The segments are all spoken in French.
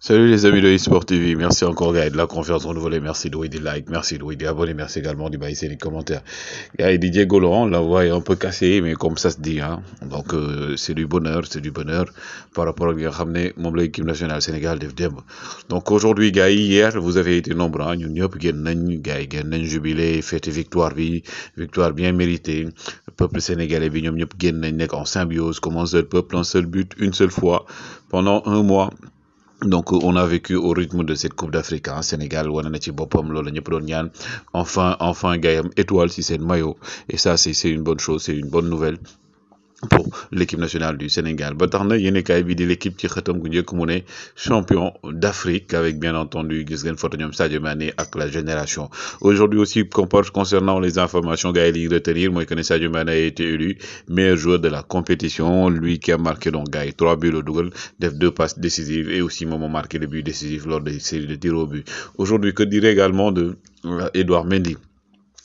Salut les amis de eSport TV, merci encore Gaï de la confiance renouvelée, merci de des likes, merci de oui merci également du baisser les commentaires. Gaï Didier Golan, la voix est un peu cassée, mais comme ça se dit, hein. donc euh, c'est du bonheur, c'est du bonheur par rapport à mon équipe nationale Sénégal Donc aujourd'hui Gaï, hier, vous avez été nombreux, nous hein. avons jubilé, fête victoire, victoire bien méritée. Le peuple sénégalais, nous en symbiose, commencez le peuple, un seul but, une seule fois, pendant un mois donc on a vécu au rythme de cette coupe d'Afrique hein. Sénégal ci enfin enfin étoile étoile c'est le maillot et ça c'est une bonne chose c'est une bonne nouvelle pour l'équipe nationale du Sénégal ba tax na l'équipe qui xëtam champion d'Afrique avec bien entendu gis ngeen Sadio Mané la génération aujourd'hui aussi concernant les informations gars yi Moi retenir connais Sadio Mané a été élu meilleur joueur de la compétition lui qui a marqué donc Gaël, 3 trois buts au double, deux passes décisives et aussi moment marqué le but décisif lors des séries de tirs au but aujourd'hui que dire également de euh, Edouard Mendy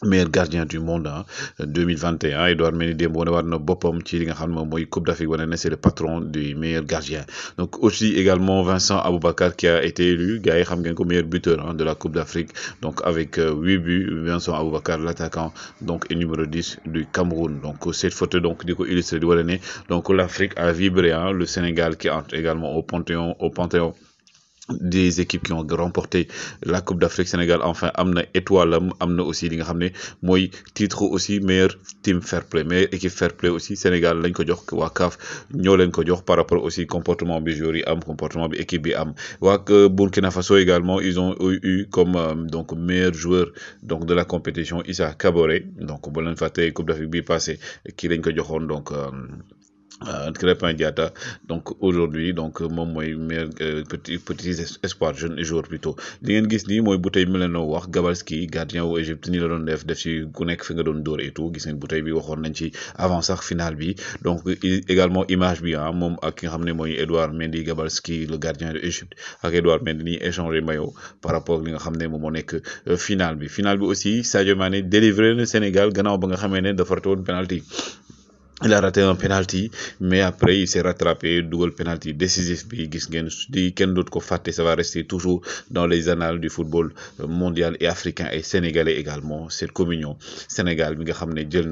meilleur gardien du monde en hein. 2021 euh, Edouard Mendy bon ci li Coupe d'Afrique c'est le patron du meilleur gardien donc aussi également Vincent Aboubakar qui a été élu gars yi xam meilleur buteur hein, de la Coupe d'Afrique donc avec 8 euh, buts Vincent Aboubakar l'attaquant donc et numéro 10 du Cameroun donc euh, cette photo donc du illustrer di donc l'Afrique a vibré hein. le Sénégal qui entre également au Panthéon au Panthéon des équipes qui ont remporté la Coupe d'Afrique Sénégal enfin Amna étoile amna aussi li nga titre aussi meilleur team fair play meilleure équipe fair play aussi Sénégal lañ ko jox wa CAF ñoo ko par rapport aussi comportement bi joueurs am comportement bi équipe bi am wa Burkina Faso également ils ont eu comme euh, donc meilleur joueur donc de la compétition Issa Kabore, donc bu leen Coupe d'Afrique bi passé et lañ ko donc euh, euh, Crépin diata. donc aujourd'hui donc mon meilleur euh, petit espoir jeune joueur plutôt Lien Gisni, gis bouteille mi wax Gabalski gardien au Égypte ni la doon def def ci ku fi nga doon dóor et tout gis bouteille bi waxoon nañ ci avant sax finale bi donc également image bi Mon ah, moom ak ki nga xam Edouard Mendy Gabalski le gardien de Égypte ak Edouard Mendy nii échangé maillot par rapport à li nga xam ne euh, finale bi finale bi aussi Sadio Mané délivré le Sénégal Ghana ba nga xamee ne dafa penalty il a raté un penalty mais après il s'est rattrapé double penalty décisif bi gis ngén di kenn dootu ko ça va rester toujours dans les annales du football euh, mondial et africain et sénégalais également cette communion Sénégal bi nga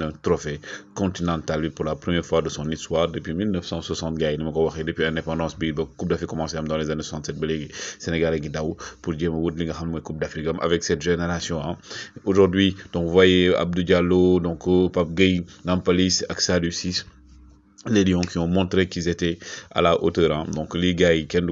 un trophée continental pour la première fois de son histoire depuis 1960 gars depuis l'indépendance bi ba coupe d'Afrique commencé dans les années 67 ba légui Sénégal a daw pour jéem li nga coupe d'Afrique avec cette génération hein. aujourd'hui donc vous voyez Abdou Diallo donc euh, Pape Gueye Nampalis, ak les Lions qui ont montré qu'ils étaient à la hauteur hein. donc les gars kenn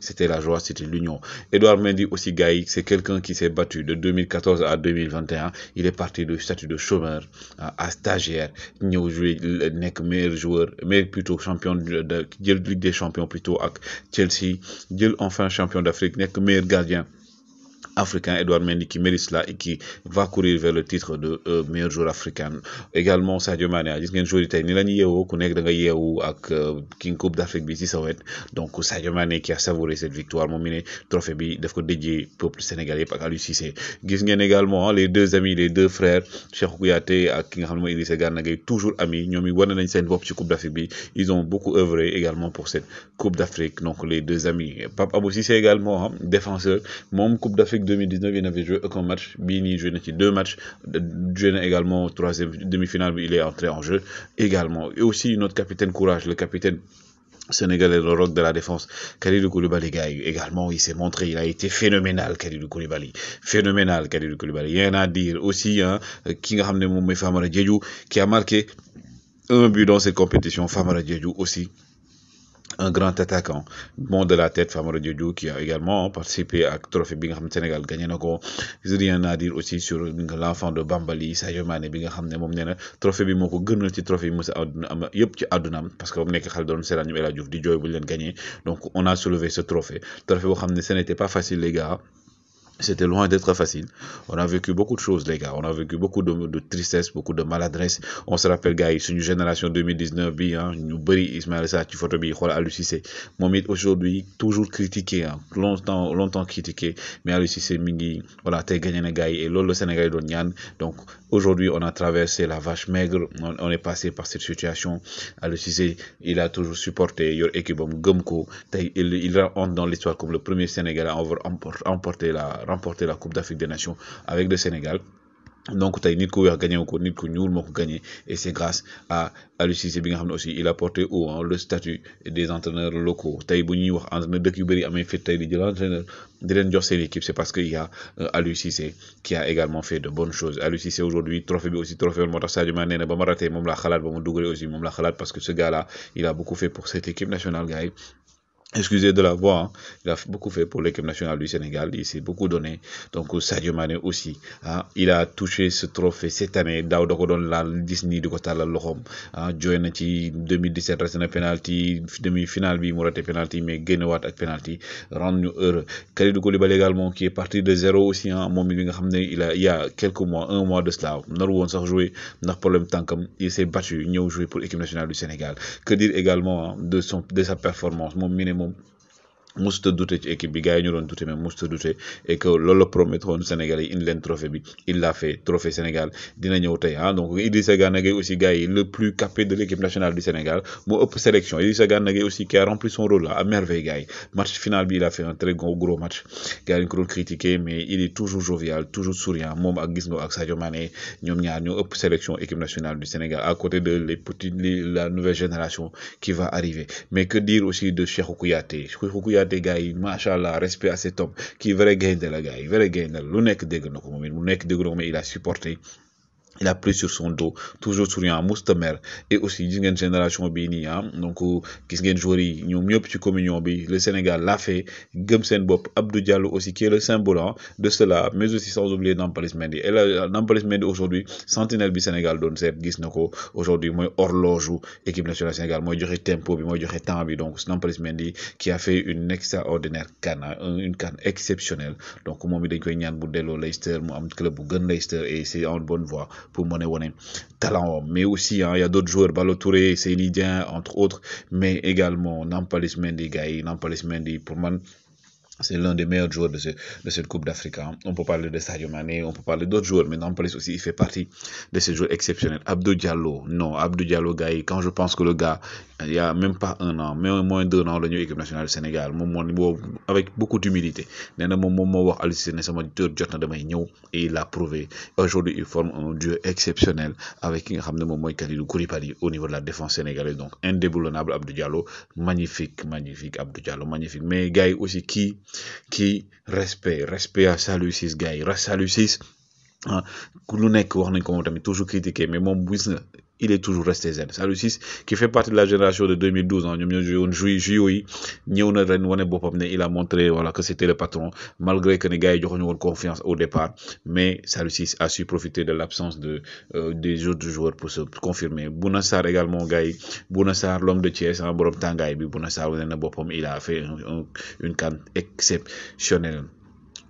c'était la joie c'était l'union Edouard Mendy aussi gars c'est quelqu'un qui s'est battu de 2014 à 2021 il est parti du statut de chômeur hein, à stagiaire il est meilleur joueur mais plutôt champion de la Ligue des champions plutôt avec Chelsea enfin champion d'Afrique nekk meilleur gardien africain, Edouard Mendy, qui mérite cela et qui va courir vers le titre de euh, meilleur joueur africain. Également, Sadio Mané, a dit joueur yi tey ni la ñu yeewoo ku nekk da euh, King Coupe d'Afrique bi ci donc Sadio Mané qui a savouré cette victoire mon miné, trophée bi daf ko déjee peuple sénégalais pas ak lui si c'est. également les deux amis les deux frères Cheikh Kouyaté ak ki nga xam ne mooy Idrissa toujours amis ñoom yi nañ Coupe d'Afrique bi ils ont beaucoup œuvré également pour cette Coupe d'Afrique donc les deux amis Papa Abou c'est également hein, défenseur membre Coupe d'Afrique 2019 il n'avait joué aucun match bini nii joué deux matchs joué également troisième demi-finale il est entré en jeu également et aussi notre capitaine Courage le capitaine sénégalais, le rock de la défense, Khalidou Koulibaly, également, il s'est montré, il a été phénoménal, Khalidou Koulibaly. Phénoménal, Khalidou Koulibaly. il y Rien à dire. Aussi, hein, King Hamne Moumé Famara qui a marqué un but dans cette compétition. Famara Djedjou aussi un grand attaquant bon de la tête Famara Diédhiou qui a également participé à trophée bi nga Sénégal gagné nako rien à dire aussi sur l'enfant de Bambali Sadio Mané bi nga xamné mom néna trophée bi moko le gënal ci trophée de mos a ci parce que moom nek xal doon seetaan ñu El Diouf bu gagné donc on a soulevé ce trophée trophée boo xamné ce n'était pas facile les gars c'était loin d'être facile. On a vécu beaucoup de choses, les gars. On a vécu beaucoup de, tristesse, beaucoup de maladresse. On se rappelle, gars, c'est une génération 2019, bi, hein, Ismaël photo bi, voilà, aujourd'hui, toujours critiqué, hein. longtemps, longtemps critiqué. Mais Alucissé, Mingi, voilà, t'es gagné, les gars, et le Sénégal, Donc, aujourd'hui, on a traversé la vache maigre. On, est passé par cette situation. Alucissé, il a toujours supporté, Il, il rentre dans l'histoire comme le premier Sénégalais à avoir emporté la remporté la Coupe d'Afrique des Nations avec le Sénégal. donc tu nit une équipe gagné a ko nit ku équipe qui a gagné et c'est grâce à Aliou Bingham aussi il a porté haut hein, le statut des entraîneurs locaux Tu as une wax entraîneur dëkk yu fait amee fit tey di jël entraîneur di jox équipe C'est parce qu'il y a euh, Aliou qui a également fait de bonnes choses Aliou aujourd'hui trophée aussi trophée au tax Sadio Mané nee mané, il a raté. moom laa xalaat aussi moom laa parce que ce gars là il a beaucoup fait pour cette équipe nationale gars Excusez de la voix, hein. il a beaucoup fait pour l'équipe nationale du Sénégal, il s'est beaucoup donné. Donc Sadio Mane aussi, hein. il a touché ce trophée cette année. d'ailleurs ko doon la gis la di ko tàllal 2017 hein. reste na penalty demi finale bi mu raté penalty mais génnewaat la penalty rendre nous heureux. Khalidou Koulibaly également qui est parti de zéro aussi il y a quelques mois un mois de cela il s'est sax jouer problème comme il s'est battu a jouer pour l'équipe nationale du Sénégal que dire également de son de sa performance mon minimum irmão. musta doute ci équipe bi gars ñu doon mais musta doute et que lolo promet promettre woon Sénégal yi trophée bi il l'a fait trophée Sénégal dina ñëw tay hein ah. donc Idrissa Gana Gueye aussi gars yi le plus capé de l'équipe nationale du Sénégal il ëpp sélection Idrissa Gana aussi qui a rempli son rôle là à merveille gars match final bi il a fait un très gros gros match gars yi ñu ko doon critiqué mais il est toujours jovial toujours souriant mom ak gis nga ak Sadio Mané ñom ñaar ñoo ëpp sélection équipe nationale du Sénégal à côté de les petits la nouvelle génération qui va arriver mais que dire aussi de Cheikhou Kouyaté Cheikhou Kouyaté des gars yi macha respect à cet homme qui vrai de la gars yi vrai gain la lu nekk dégg na ko mu nekk dégg mais il a supporté il a pris sur son dos toujours souriant à Moustamer et aussi gis ngeen génération bii nii ah, donc qui ngeen joueurs yi ñoom ñëpp ci communion bi le Sénégal l'a fait gëm Bob, Abdou Diallo aussi qui est le symbole ah, de cela mais aussi sans oublier Nampalys Mendy et là Nampalys Mendy aujourd'hui sentinelle du Sénégal doon seet gis nako aujourd'hui mooy horloge équipe nationale Sénégal moi joxe tempo bi mooy joxe temps bi donc Nampalys Mendy qui a fait une extraordinaire ah, une canne exceptionnelle donc moom it dañ koy ñaan bu delloo Leicester mu am club bu gën Leicester et c'est en bonne voie pour one Talent, mais aussi, hein, il y a d'autres joueurs, Balotouré, Sénidien, entre autres, mais également Nampalis Mendy, Gaï, Nampalis Mendy, pour moi, c'est l'un des meilleurs joueurs de, cette Coupe d'Afrique. Hein. On peut parler de Sadio on peut parler d'autres joueurs, mais Nampalis aussi, il fait partie de ces joueurs exceptionnels. Abdou Diallo, non, Abdou Diallo, Gaï, quand je pense que le gars, il y a même pas un an mais moins d'un an le équipe nationale du Sénégal avec beaucoup d'humilité et il a prouvé aujourd'hui il forme un dieu exceptionnel avec un nga de ne moom Kalidou au niveau de la défense sénégalaise donc indéboulonnable Abdou Diallo magnifique magnifique Abdou Diallo magnifique mais Gaï aussi qui qui respect respect à Salucis Gaï. gars à Saliou ah, toujours critiqué mais mon business il est toujours resté zen salusis, qui fait partie de la génération de 2012 hein. il a montré voilà que c'était le patron malgré que les gars aient eu confiance au départ mais salusis a su profiter de l'absence de euh, des autres joueurs pour se confirmer Bouna également gars l'homme de Thiès hein, il a fait une canne exceptionnelle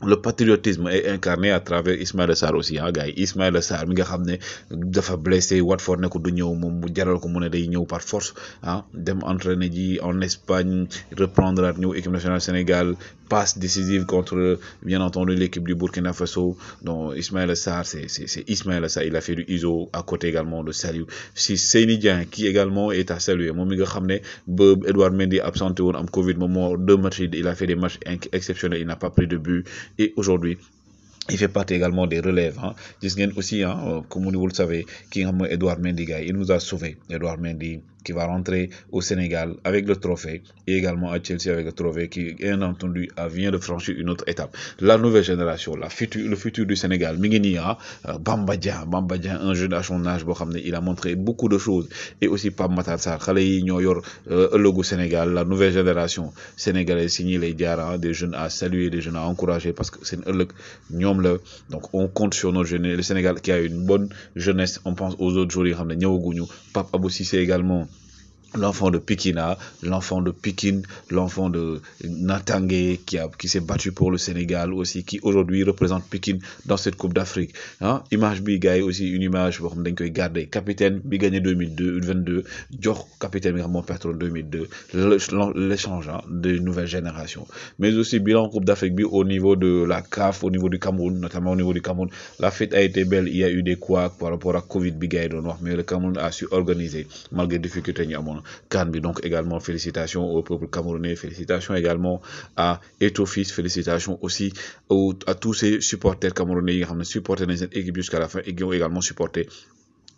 le patriotisme est incarné à travers Ismaël Sarr aussi hein, gars Ismaël Sarr mi nga été dafa blessé Watford ne du ñëw moom mu jaral ko mu day par force hein. dem entraîner ji en Espagne reprendre at l'équipe nationale Sénégal passe décisive contre bien entendu l'équipe du Burkina Faso donc Ismaël Sarr c'est c'est Sarr il a fait du ISO à côté également de Saliou si Seyni qui également est à saluer moom mi nga xamné ba Edouard Mendy absenté en Covid deux matchs il a fait des matchs exceptionnels il n'a pas pris de but et aujourd'hui il fait partie également des relèves Il hein. aussi hein, euh, comme vous le savez qui est Edouard Mendy il nous a sauvé Edouard Mendy qui va rentrer au Sénégal avec le trophée et également à Chelsea avec le trophée qui, bien entendu, vient de franchir une autre étape. La nouvelle génération, la le futur du Sénégal, Minginia, ah, euh, Bambadja, un jeune à son âge, il a montré beaucoup de choses et aussi Pam Matarsa, Khalei Nyoyor, euh, logo Sénégal, la nouvelle génération sénégalaise signé les Diara, ah, des jeunes à saluer, des jeunes à encourager parce que c'est le Donc on compte sur nos jeunes, le Sénégal qui a une bonne jeunesse, on pense aux autres jours, Pape Abou Sissé également l'enfant de Pikina, l'enfant de Pikin, l'enfant de Natangé qui, qui s'est battu pour le Sénégal aussi, qui aujourd'hui représente Pikin dans cette Coupe d'Afrique. Hein? Image Bigay aussi, une image pour garder. Capitaine, Bigani 2002, 22, capitaine, Miramon patron 2002, l'échange hein, de nouvelles générations, Mais aussi, bilan Coupe d'Afrique au niveau de la CAF, au niveau du Cameroun, notamment au niveau du Cameroun. La fête a été belle, il y a eu des couacs par rapport à Covid Bigay mais le Cameroun a su organiser malgré les difficultés. Donc également félicitations au peuple camerounais, félicitations également à Etofis, félicitations aussi à tous ces supporters camerounais qui ont supporté équipe jusqu'à la fin et qui ont également supporté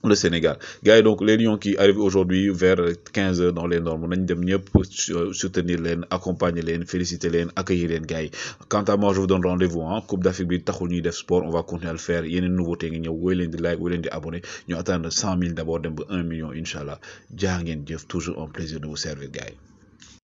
le Sénégal. Gars, donc les Lions qui arrivent aujourd'hui vers 15h dans les normes, on a mieux pour soutenir les, accompagner les, féliciter les, accueillir les gars. Quant à moi, je vous donne rendez-vous en hein. Coupe d'Afrique de Tahouni Def Sport. On va continuer à le faire. Il y a une nouveauté, il y a de like, abonner. y abonnés. Nous attendons 100 000 d'abord, 1 million, Inch'Allah. Djangen toujours un plaisir de vous servir, gars.